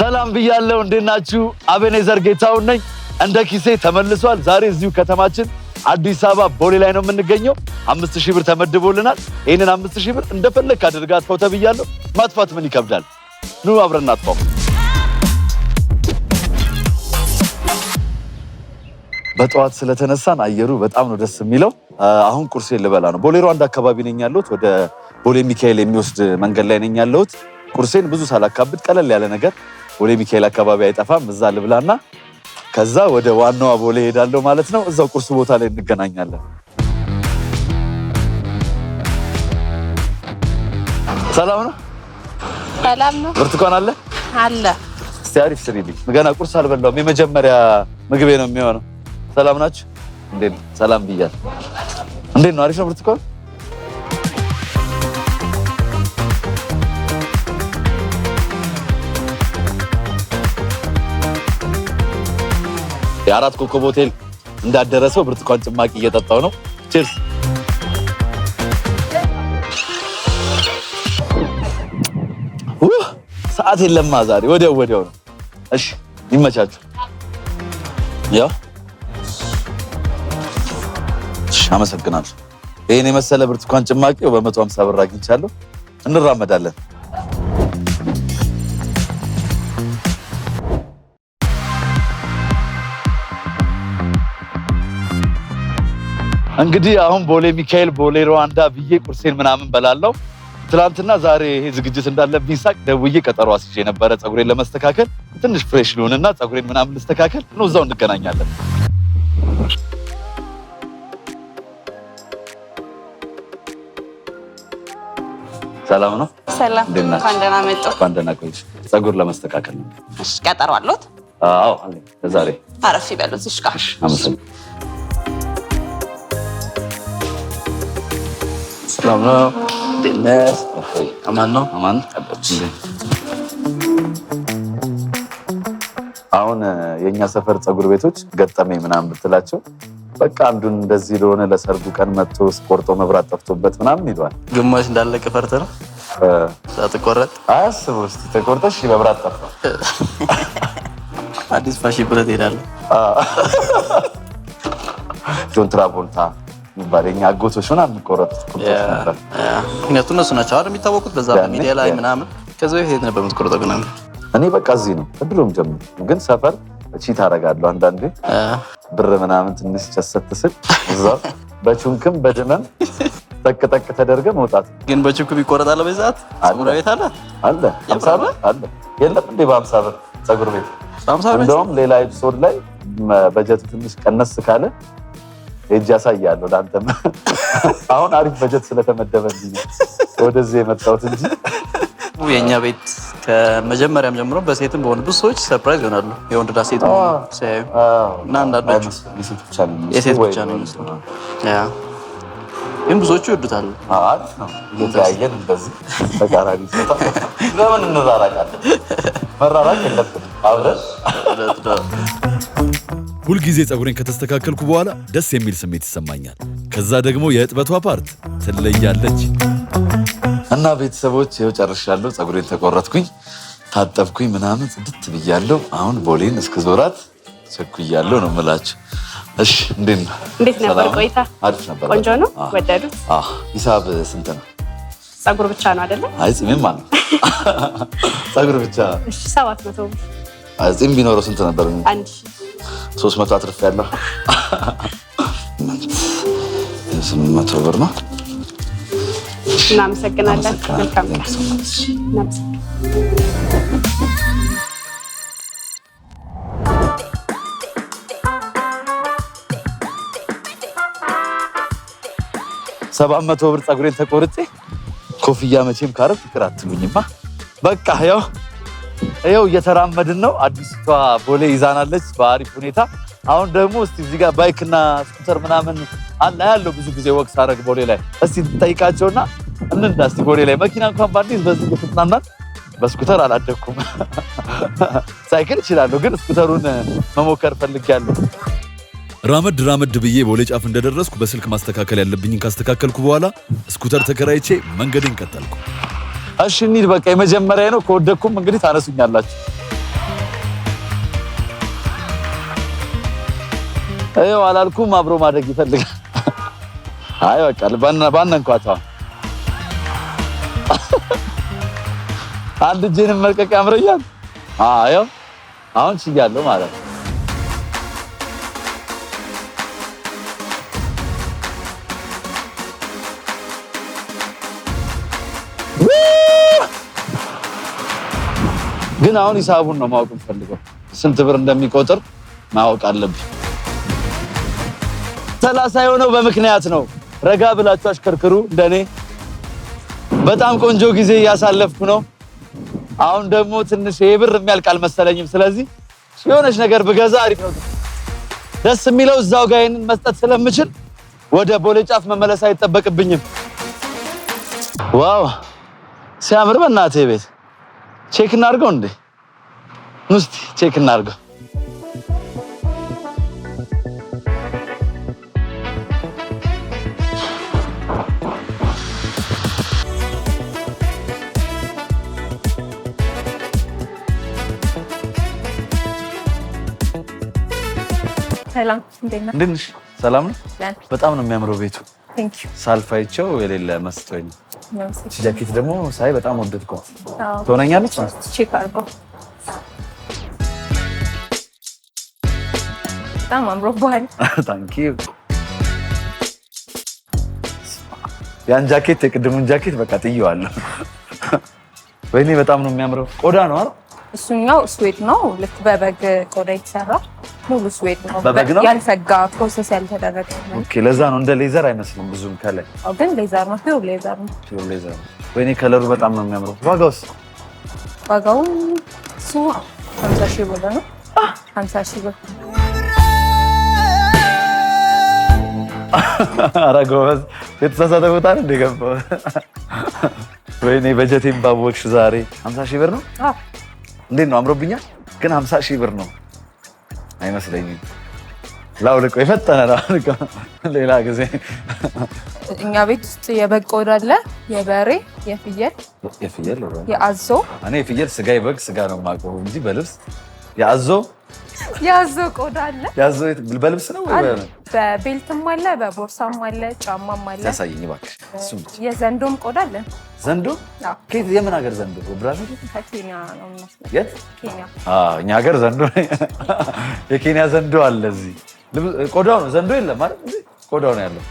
ሰላም ብያለው። እንዴት ናችሁ? አቤኔዘር ጌታሁን ነኝ። እንደ ኪሴ ተመልሷል። ዛሬ እዚሁ ከተማችን አዲስ አበባ ቦሌ ላይ ነው የምንገኘው። አምስት ሺህ ብር ተመድቦልናል። ይህንን አምስት ሺህ ብር እንደፈለግ አድርጋ አጥፋው ተብያለሁ። ማጥፋት ምን ይከብዳል? ኑ አብረን እናጥፋው። በጠዋት ስለተነሳን አየሩ በጣም ነው ደስ የሚለው። አሁን ቁርሴ ልበላ ነው። ቦሌ ሩዋንዳ አካባቢ ነኝ ያለሁት። ወደ ቦሌ ሚካኤል የሚወስድ መንገድ ላይ ነኝ ያለሁት። ቁርሴን ብዙ ሳላካብድ ቀለል ያለ ነገር ቦሌ ሚካኤል አካባቢ አይጠፋም። እዛ ልብላና ከዛ ወደ ዋናዋ ቦሌ ሄዳለሁ ማለት ነው። እዛው ቁርስ ቦታ ላይ እንገናኛለን። ሰላም ነው። ሰላም ነው። ብርቱካን አለ አለ። እስቲ አሪፍ ስሪልኝ። ገና ቁርስ አልበላሁም። የመጀመሪያ ምግቤ ነው የሚሆነው። ሰላም ናችሁ? እንዴት ሰላም ብያለሁ። እንዴት ነው? አሪፍ ነው ብርቱካን የአራት ኮከብ ሆቴል እንዳደረሰው ብርቱካን ጭማቂ እየጠጣው ነው። ችርስ ሰዓት የለማ ዛሬ ወዲያው ወዲያው ነው። እሺ ይመቻችሁ። ያ አመሰግናለሁ። ይህን የመሰለ ብርቱካን ጭማቂ በመቶ ሀምሳ ብር አግኝቻለሁ። እንራመዳለን። እንግዲህ አሁን ቦሌ ሚካኤል፣ ቦሌ ሩዋንዳ ብዬ ቁርሴን ምናምን በላለው። ትላንትና ዛሬ ይሄ ዝግጅት እንዳለብኝ ሳቅ ደውዬ ቀጠሮ አስይዤ ነበረ ፀጉሬን ለመስተካከል ትንሽ ፍሬሽ ልሆንና ፀጉሬን ምናምን ልስተካከል ነው። እዛው እንገናኛለን። ሰላም ነው። ሰላም እንኳን ደህና መጡ። እንኳን ደህና ቆይሽ። ፀጉር ለመስተካከል ነው። ቀጠሮ አለት? አዎ፣ ዛሬ አረፍ ይበሉት። እሺ፣ አመሰግናለሁ። Tamam. Dinles. Okay. Aman no? Aman. አሁን የእኛ ሰፈር ፀጉር ቤቶች ገጠመኝ ምናምን ብትላቸው በቃ አንዱን እንደዚህ ለሆነ ለሰርጉ ቀን መጥቶ ስፖርቶ መብራት ጠፍቶበት ምናምን ይለዋል። ግማሽ እንዳለቀ ፈርተ ነው ሳትቆረጥ አያስብ ውስጥ ተቆርጠሽ መብራት ጠፋ አዲስ ፋሽን ብለህ ትሄዳለህ። ጆን ትራቮልታ የሚባል የኛ አጎቶች ምናምን የሚቆረጡት ቁርጦች ነበር። ምክንያቱም እነሱ ናቸው አይደል የሚታወቁት በዛ በሚዲያ ላይ ምናምን። ከዚ በፊት ነበር የምትቆርጠው ግን? እኔ በቃ እዚህ ነው ድሮም ጀምሮ ግን ሰፈር እቺ ታደርጋለሁ አንዳንዴ ብር ምናምን ትንሽ ጨሰት ስል እዛው በቹንክም በድመም ጠቅ ጠቅ ተደርገ መውጣት ግን በቹንክም ይቆረጣል። በዛት ሰዓት ቤት አለ አለ አለ የለም እንዴ በሀምሳ ብር ጸጉር ቤት። እንደውም ሌላ ኤፒሶድ ላይ በጀት ትንሽ ቀነስ ካለ እጅ ያሳያለሁ። ለአንተም አሁን አሪፍ በጀት ስለተመደበ ወደዚህ የመጣሁት እንጂ የእኛ ቤት ከመጀመሪያም ጀምሮ በሴትም በሆነ ብዙ ሰዎች ሰርፕራይዝ ይሆናሉ። የወንድዳ ሴት ሲያዩ እና አንዳንዶቹ የሴት ብቻ ነው ይመስላል፣ ግን ብዙዎቹ ይወዱታል። እየተያየን እንደዚህ ተቃራኒ ለምን እንራራቃለን? መራራቅ የለብን አብረን ሁልጊዜ ጸጉሬን ከተስተካከልኩ በኋላ ደስ የሚል ስሜት ይሰማኛል። ከዛ ደግሞ የእጥበቷ ፓርት ትለያለች እና ቤተሰቦች ይኸው ጨርሻለሁ። ጸጉሬን ተቆረጥኩኝ፣ ታጠብኩኝ፣ ምናምን ጽድት ብያለሁ። አሁን ቦሌን እስከ ዞራት ቸኩያለሁ ነው የምላችሁ። እሺ እንዴት ነው? እንዴት ነበር ቆይታ? አሪፍ ነበር። ቆንጆ ነው። ወደዱት? ሂሳብ ስንት ነው? ጸጉር ብቻ ነው አይደለ? አይ ጺም ማለት ጸጉር ብቻ። ሰባት መቶ ብር። ጺም ቢኖረው ስንት ነበር? አንድ ሺህ ሶስት መቶ አትርፍ ስምንት መቶ ብር ነው። እናመሰግናለን። ሰባት መቶ ብር ፀጉሬን ተቆርጬ ኮፍያ መቼም ካረብ ይቅር አትሉኝማ። በቃ ያው ይኸው እየተራመድን ነው። አዲስቷ ቦሌ ይዛናለች በአሪፍ ሁኔታ። አሁን ደግሞ እስቲ እዚህ ጋር ባይክና ስኩተር ምናምን አለ ያለው ብዙ ጊዜ ወቅት ሳረግ ቦሌ ላይ እስቲ ትጠይቃቸውና እንንዳ እስቲ ቦሌ ላይ መኪና እንኳን በአዲስ በዚህ እየተጽናናት በስኩተር አላደግኩም፣ ሳይክል እችላለሁ፣ ግን ስኩተሩን መሞከር ፈልጌያለሁ። ራመድ ራመድ ብዬ ቦሌ ጫፍ እንደደረስኩ በስልክ ማስተካከል ያለብኝን ካስተካከልኩ በኋላ ስኩተር ተከራይቼ መንገድን ቀጠልኩ። እሺ እንሂድ። በቃ የመጀመሪያ ነው። ከወደኩም እንግዲህ ታነሱኛላችሁ። ይኸው አላልኩም። አብሮ ማደግ ይፈልጋል። አይ በቃ ባነንኳት። አንድ እጄንም መልቀቅ ያምረኛል። አዎ አሁን ችያለሁ ማለት ነው። ግን አሁን ሂሳቡን ነው ማወቅ የምፈልገው። ስንት ብር እንደሚቆጥር ማወቅ አለብኝ። ሰላሳ የሆነው በምክንያት ነው። ረጋ ብላችሁ አሽከርክሩ። እንደኔ በጣም ቆንጆ ጊዜ እያሳለፍኩ ነው። አሁን ደግሞ ትንሽ ይሄ ብር የሚያልቅ አልመሰለኝም። ስለዚህ የሆነች ነገር ብገዛ አሪፍ ነው። ደስ የሚለው እዛው ጋር ይሄንን መስጠት ስለምችል ወደ ቦሌ ጫፍ መመለስ አይጠበቅብኝም። ዋው ሲያምር! በእናቴ ቤት ቼክ እናድርገው እንዴ? እስቲ ቼክ እናድርገው። ሰላም እንዴት ነሽ? ሰላም ነው። በጣም ነው የሚያምረው ቤቱ። ሳልፋይቸው የሌለ መስጦኝ ጃኬት ደግሞ ሳይ በጣም ወደድኳት። ትሆነኛለች። በጣም አምሮብሃል። ያን ጃኬት የቅድሙን ጃኬት በቃ ጥየዋለሁ። ወይኔ በጣም ነው የሚያምረው። ቆዳ ነው አይደል? እሱኛው ስዌት ነው፣ ልክ በበግ ቆዳ የተሰራ ሙሉ ስዌድ ነው። በበግ ነው ያልፈጋ ፕሮሰስ ያልተደረገ። ኦኬ፣ ለዛ ነው እንደ ሌዘር አይመስልም ብዙም። ከላይ ግን ሌዘር ነው፣ ፒውር ሌዘር ነው፣ ፒውር ሌዘር ነው። ወይኔ ከለሩ በጣም ነው የሚያምረው። ዋጋውስ? ዋጋው እሱ ሀምሳ ሺህ ብር ነው። ሀምሳ ሺህ ብር ኧረ ጎበዝ፣ የተሳሳተ ቦታ ነው እንደገባው። ወይኔ በጀቴን ባወቅሽ ዛሬ። ሀምሳ ሺህ ብር ነው። እንዴት ነው አምሮብኛል? ግን ሀምሳ ሺህ ብር ነው አይመስለኝም። ላውልቆ የፈጠነ ላውልቆ ሌላ ጊዜ እኛ ቤት ውስጥ የበግ ቆዳ አለ፣ የበሬ፣ የፍየል፣ የአዞ። እኔ የፍየል ስጋ የበግ ስጋ ነው የማውቀው እንጂ በልብስ ያዞ ያዞ ቆዳ አለ። ያዞ በልብስ ነው ወይ? በቤልትም አለ፣ በቦርሳም አለ፣ ጫማም አለ። ያሳየኝ እባክሽ። እሱ የዘንዶም ቆዳ አለ። ዘንዶ ከየት? የምን ሀገር ዘንዶ? ብራዚል? ከኬንያ ነው የሚመስለው። የት? ኬንያ። አዎ፣ እኛ ሀገር ዘንዶ የኬንያ ዘንዶ አለ። እዚህ ቆዳው ነው ዘንዶ የለም ማለት ቆዳው ነው ያለው።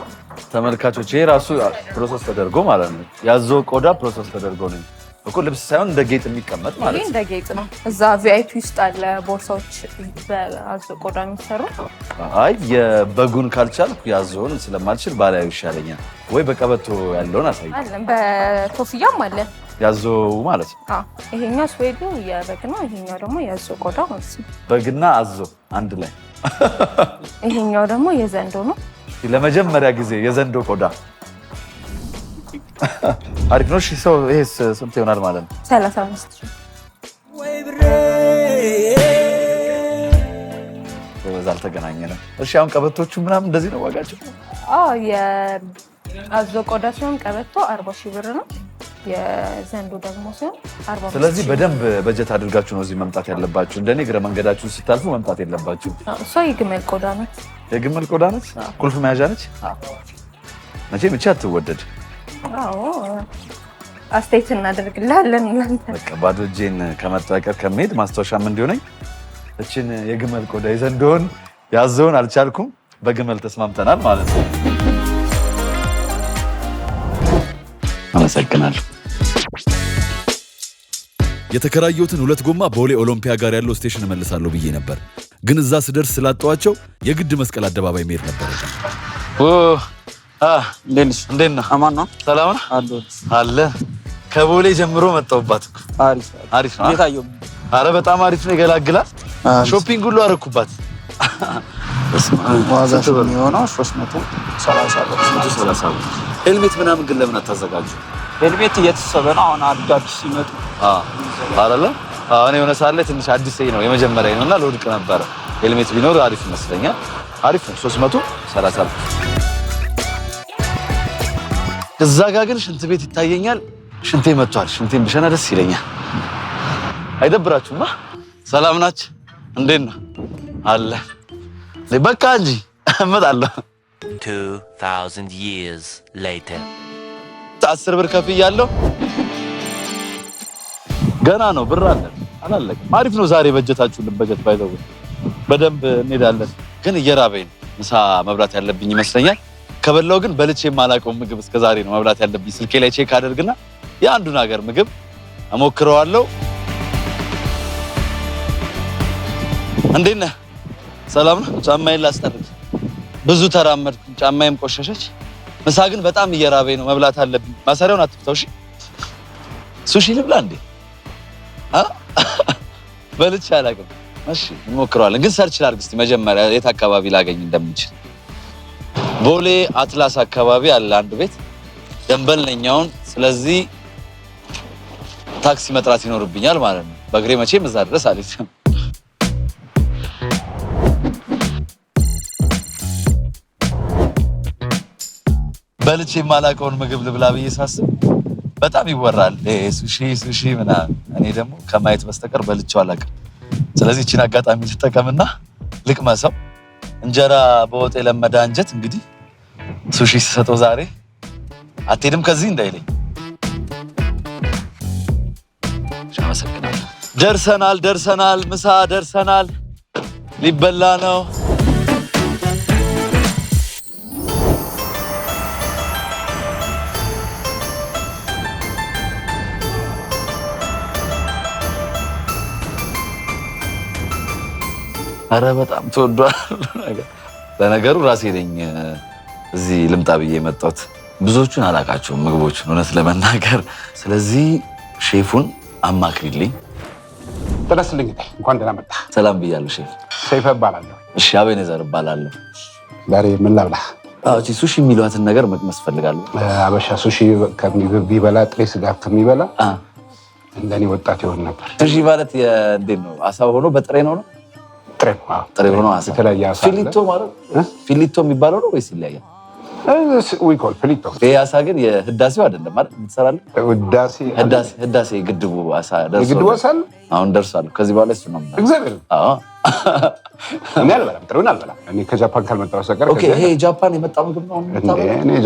ነው። ተመልካቾች ይሄ ራሱ ፕሮሰስ ተደርጎ ማለት ነው። ያዞ ቆዳ ፕሮሰስ ተደርጎ ነው እኮ ልብስ ሳይሆን እንደ ጌጥ የሚቀመጥ ማለት ነው። እንደ ጌጥ ነው። እዛ ቪአይፒ ውስጥ አለ ቦርሳዎች በአዞ ቆዳ የሚሰሩ። አይ የበጉን ካልቻልኩ ያዞን ስለማልችል ባላዩ ይሻለኛል። ወይ በቀበቶ ያለውን አሳይ። በኮፍያም አለ ያዞ ማለት ነው። ይሄኛው ስዌዱ የበግ ነው። ይሄኛው ደግሞ የአዞ ቆዳ ማለት ነው። በግና አዞ አንድ ላይ። ይሄኛው ደግሞ የዘንዶ ነው። ለመጀመሪያ ጊዜ የዘንዶ ቆዳ አሪፍ ነው። ሰው ይሄ ስንት ይሆናል ማለት ነው? ሰላሳ አምስት በዛ አልተገናኘንም። እሺ አሁን ቀበቶቹ ምናምን እንደዚህ ነው ዋጋቸው? የአዞ ቆዳ ሲሆን ቀበቶ አርባ ሺህ ብር ነው። የዘንዶ ደግሞ ሲሆን አርባ ስለዚህ በደንብ በጀት አድርጋችሁ ነው እዚህ መምጣት ያለባችሁ። እንደኔ እግረ መንገዳችሁን ስታልፉ መምጣት የለባችሁ። እሷ የግመል ቆዳ ነች፣ የግመል ቆዳ ነች። ቁልፍ መያዣ ነች። መቼም ብቻ አትወደድ አስተያየት እናደርግላለን። ባዶ እጄን ከመጠቀር ከመሄድ ማስታወሻም እንዲሆነኝ እችን የግመል ቆዳ ይዘ እንደሆን ያዘውን አልቻልኩም። በግመል ተስማምተናል ማለት ነው። አመሰግናለሁ። የተከራየሁትን ሁለት ጎማ ቦሌ ኦሎምፒያ ጋር ያለው ስቴሽን እመልሳለሁ ብዬ ነበር፣ ግን እዛ ስደርስ ስላጠዋቸው የግድ መስቀል አደባባይ መሄድ ነበር። እንዴት ነሽ? እንዴት ነህ? አማን ነው? ሰላም ነህ? ከቦሌ ጀምሮ መጣሁባት። አሪፍ ነው። በጣም አሪፍ ነው። ይገላግላል። ሾፒንግ ሁሉ አደረኩባት። የሚሆነው ሦስት መቶ ሰላሳ ብር። ሄልሜት ምናምን ግን ለምን አታዘጋጁ? ሄልሜት እየተሰበ ነው አሁን አዲስ ሲመጡ አሁን የሆነ ሰዓት ላይ ትንሽ አዲስ ነው የመጀመሪያ ነው እና ለውድቅ ነበረ። ሄልሜት ቢኖር አሪፍ ይመስለኛል። አሪፍ ነው። ሦስት መቶ ሰላሳ ብር እዛ ጋ ግን ሽንት ቤት ይታየኛል። ሽንቴ መጥቷል። ሽንቴን ብሸና ደስ ይለኛል። አይደብራችሁማ? ሰላም ናችሁ? እንዴት ነው አለ። በቃ እንጂ እመጣለሁ። 2000 years later አስር ብር ከፍ ያለው ገና ነው። ብር አለ አላለቀም። አሪፍ ነው። ዛሬ በጀታችሁን በጀት ባይዘው በደንብ እንሄዳለን። ግን እየራበኝ ነው። ምሳ መብላት ያለብኝ ይመስለኛል። ከበላው ግን በልቼ የማላውቀው ምግብ እስከ ዛሬ ነው መብላት ያለብኝ። ስልኬ ላይ ቼክ አደርግና የአንዱን ሀገር ምግብ እሞክረዋለሁ። እንዴት ነህ? ሰላም ነው። ጫማዬን ላስጠርግ። ብዙ ተራመድኩ፣ ጫማዬም ቆሸሸች። ምሳ ግን በጣም እየራበኝ ነው፣ መብላት አለብኝ። ማሰሪያውን አትፍታው። እሺ፣ ሱሺ ልብላ እንዴ? በልቼ አላውቅም። እሺ፣ እንሞክረዋለን። ግን ሰርች ላድርግ እስኪ መጀመሪያ የት አካባቢ ላገኝ እንደምችል ቦሌ አትላስ አካባቢ አለ አንድ ቤት ደንበለኛውን። ስለዚህ ታክሲ መጥራት ይኖርብኛል ማለት ነው። በእግሬ መቼም እዛ ድረስ አልሄድም። በልቼ የማላውቀውን ምግብ ልብላ ብዬ ሳስብ በጣም ይወራል ሱሺ ሱሺ ምናምን። እኔ ደግሞ ከማየት በስተቀር በልቼው አላውቅም። ስለዚህ ይችን አጋጣሚ ልጠቀምና ልቅመሰው እንጀራ በወጥ የለመደ አንጀት እንግዲህ ሱሺ ሲሰጠው ዛሬ አትሄድም ከዚህ እንዳይለኝ። አመሰግናለሁ። ደርሰናል፣ ደርሰናል፣ ምሳ ደርሰናል፣ ሊበላ ነው። አረ በጣም ተወዷል። ለነገሩ ራሴ ነኝ እዚህ ልምጣ ብዬ የመጣሁት። ብዙዎቹን አላውቃቸውም ምግቦችን እውነት ለመናገር ስለዚህ ሼፉን አማክሪልኝ። ጥለስልኝ እንኳን ደህና መጣ። ሰላም ብያለሁ ሼፍ። ሰይፈ እባላለሁ። እሺ አቤኔዘር እባላለሁ። ዛሬ ምን ላብላ? እቺ ሱሺ የሚሏትን ነገር መቅመስ እፈልጋለሁ። አበሻ ሱሺ ከሚግብ ቢበላ ጥሬ ስጋ ከሚበላ እንደኔ ወጣት ይሆን ነበር። ሱሺ ማለት እንዴት ነው? አሳ ሆኖ በጥሬ ነው ነው ጥሬ ሆኖ አሳ ፊሊቶ ማለት ፊሊቶ የሚባለው ነው ወይስ ይለያያል? አሳ ግን የህዳሴው አይደለም አይደል? የምትሰራለህ ህዳሴ ግድቡ አሳ ደርሷል። አሁን ደርሷል። ከዚህ በኋላ እሱ ነው ከጃፓን ካልመጣሁ ይሄ ጃፓን የመጣ ምግብ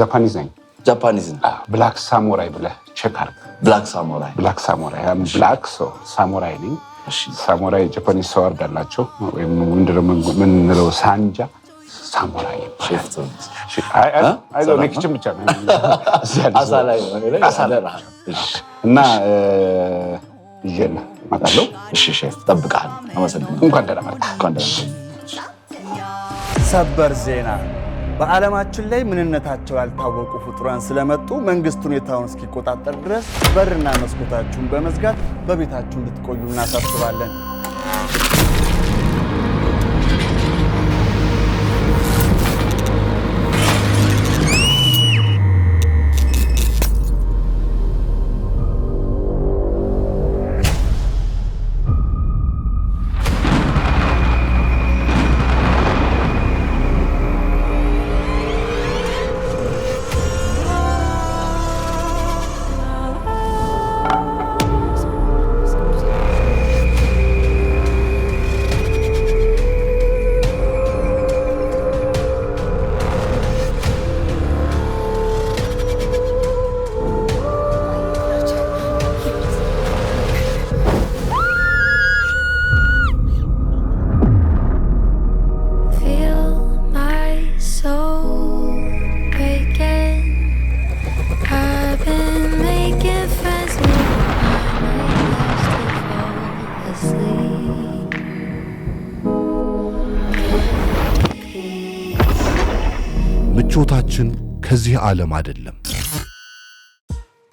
ጃፓኒዝ ነኝ። ጃፓኒዝ ብላክ ሳሙራይ ብለህ ቼክ አድርግ። ብላክ ሳሙራይ ብላክ ሳሙራይ ብላክ ሳሙራይ ነኝ ሳሙራይ ጃፓኒስ ሰዋርድ አላቸው ወይም ምንለው ሳንጃ ሳሙራይ ይባላል። ብቻ ነው እና እመጣለሁ። እንኳን ደህና መጣህ። ሰበር ዜና በዓለማችን ላይ ምንነታቸው ያልታወቁ ፍጡራን ስለመጡ መንግስት ሁኔታውን እስኪቆጣጠር ድረስ በርና መስኮታችሁን በመዝጋት በቤታችሁ እንድትቆዩ እናሳስባለን። ከዚህ ዓለም አይደለም።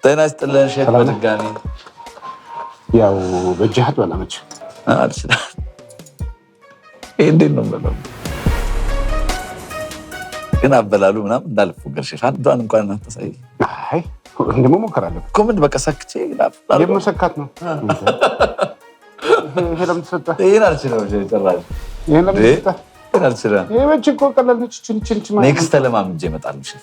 ጤና ይስጥልን ሼክ። በድጋሚ ያው በእጅህ አትበላ እንዴት ነው በለው ግን አበላሉ ምናምን ገር አንዷን እንኳን ደግሞ የመሰካት ነው። እኮ ነች። ችንችንች ኔክስት እመጣለሁ ሼፍ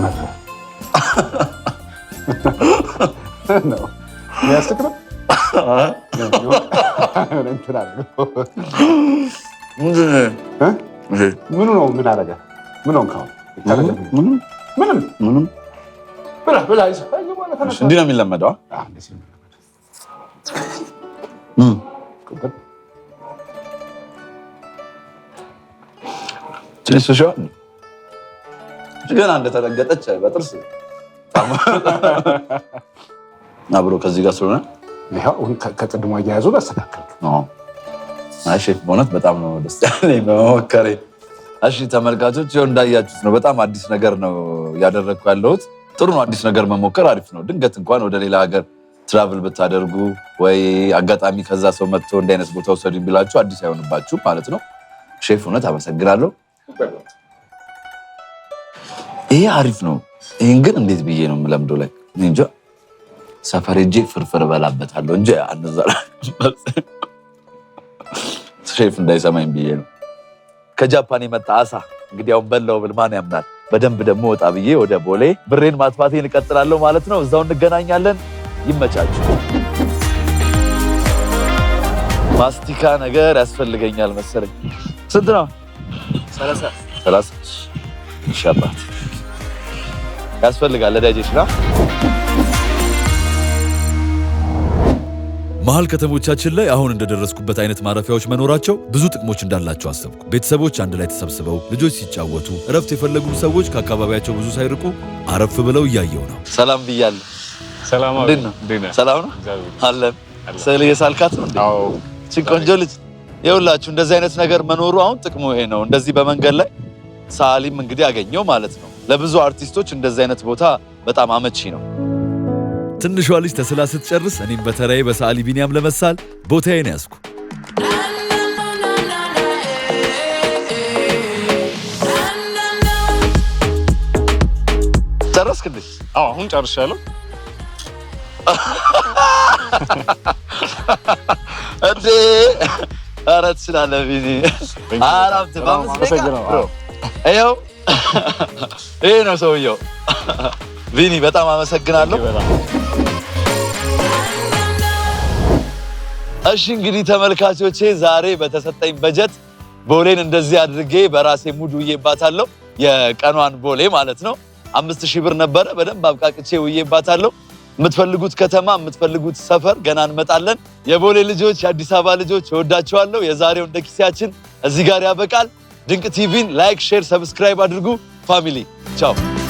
ነው የሚያስቅ ነው። ምኑ ነው? ምን አደረገ? ምን ሆንክ? ምንም እንዲህ ነው የሚለመደው። ገና እንደተረገጠች በጥርስ አብሮ ከዚህ ጋር ስለሆነ ከቅድሞ አያያዙ በስተካከል በእውነት በጣም ነው ደስ ያለኝ በመሞከሬ። እሺ ተመልካቾች እንዳያችሁት ነው። በጣም አዲስ ነገር ነው ያደረግኩ ያለሁት። ጥሩ ነው፣ አዲስ ነገር መሞከር አሪፍ ነው። ድንገት እንኳን ወደ ሌላ ሀገር ትራቭል ብታደርጉ ወይ አጋጣሚ ከዛ ሰው መጥቶ እንዲህ አይነት ቦታ ውሰዱ ቢላችሁ አዲስ አይሆንባችሁ ማለት ነው። ሼፍ እውነት አመሰግናለሁ። ይሄ አሪፍ ነው። ይህን ግን እንዴት ብዬ ነው የምለምደው? ላይ እንጃ ሰፈር ሄጄ ፍርፍር እበላበታለሁ እንጂ አንዘራ ሼፍ እንዳይሰማኝ ብዬ ነው። ከጃፓን የመጣ አሳ እንግዲህ አሁን በላው ብል ማን ያምናል? በደንብ ደግሞ ወጣ ብዬ ወደ ቦሌ ብሬን ማጥፋቴን እቀጥላለሁ ማለት ነው። እዛው እንገናኛለን። ይመቻችሁ። ማስቲካ ነገር ያስፈልገኛል መሰለኝ። ስንት ነው? ሰላሳ ሰላሳ ሻባት ያስፈልጋል ነው። መሀል ከተሞቻችን ላይ አሁን እንደደረስኩበት አይነት ማረፊያዎች መኖራቸው ብዙ ጥቅሞች እንዳላቸው አሰብኩ። ቤተሰቦች አንድ ላይ ተሰብስበው ልጆች ሲጫወቱ፣ እረፍት የፈለጉ ሰዎች ከአካባቢያቸው ብዙ ሳይርቁ አረፍ ብለው እያየው ነው። ሰላም ብያለሁ። ሰላም ነው አለን። ስዕል እየሳልካት ነው። እችን ቆንጆ ልጅ የሁላችሁ እንደዚህ አይነት ነገር መኖሩ አሁን ጥቅሙ ይሄ ነው። እንደዚህ በመንገድ ላይ ሳሊም እንግዲህ አገኘው ማለት ነው። ለብዙ አርቲስቶች እንደዚህ አይነት ቦታ በጣም አመቺ ነው። ትንሿ ልጅ ተስላ ስትጨርስ እኔም በተራዬ በሰዓሊ ቢኒያም ለመሳል ቦታዬን ያዝኩ። ጨረስክ አዎ፣ አሁን ጨርሻለሁ። እንዴ! ኧረ ትችላለህ ቢኒ። ይኸው ይሄ ነው ሰውየው። ቪኒ በጣም አመሰግናለሁ። እሺ እንግዲህ ተመልካቾቼ ዛሬ በተሰጠኝ በጀት ቦሌን እንደዚህ አድርጌ በራሴ ሙድ ውዬባታለሁ። የቀኗን ቦሌ ማለት ነው። አምስት ሺህ ብር ነበረ። በደንብ አብቃቅቼ ውዬባታለሁ። የምትፈልጉት ከተማ የምትፈልጉት ሰፈር ገና እንመጣለን። የቦሌ ልጆች፣ የአዲስ አበባ ልጆች እወዳችኋለሁ። የዛሬው እንደ ኪሴያችን እዚህ ጋር ያበቃል። ድንቅ ቲቪን ላይክ፣ ሼር፣ ሰብስክራይብ አድርጉ። family Chao